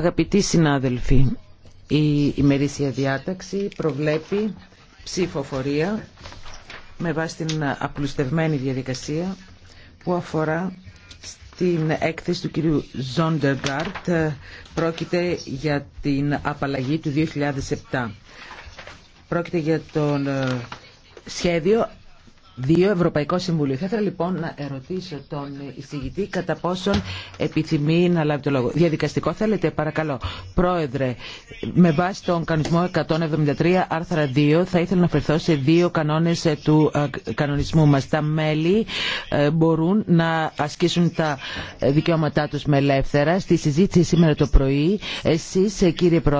Αγαπητοί συνάδελφοι, η ημερήσια διάταξη προβλέπει ψηφοφορία με βάση την απλουστευμένη διαδικασία που αφορά στην έκθεση του κυρίου Ζόντεργκαρτ πρόκειται για την απαλλαγή του 2007. Πρόκειται για τον ε, σχέδιο Δύο Ευρωπαϊκό Συμβουλίο. Θα ήθελα λοιπόν να ερωτήσω τον εισηγητή κατά πόσον επιθυμεί να λάβει το λόγο. Διαδικαστικό θέλετε, παρακαλώ. Πρόεδρε, με βάση τον κανονισμό 173 άρθρα 2 θα ήθελα να φερθώ σε δύο κανόνες ε, του ε, κανονισμού μας. Τα μέλη ε, μπορούν να ασκήσουν τα δικαιώματά τους με ελεύθερα. Στη συζήτηση σήμερα το πρωί, εσείς κύριε Πρόεδρε,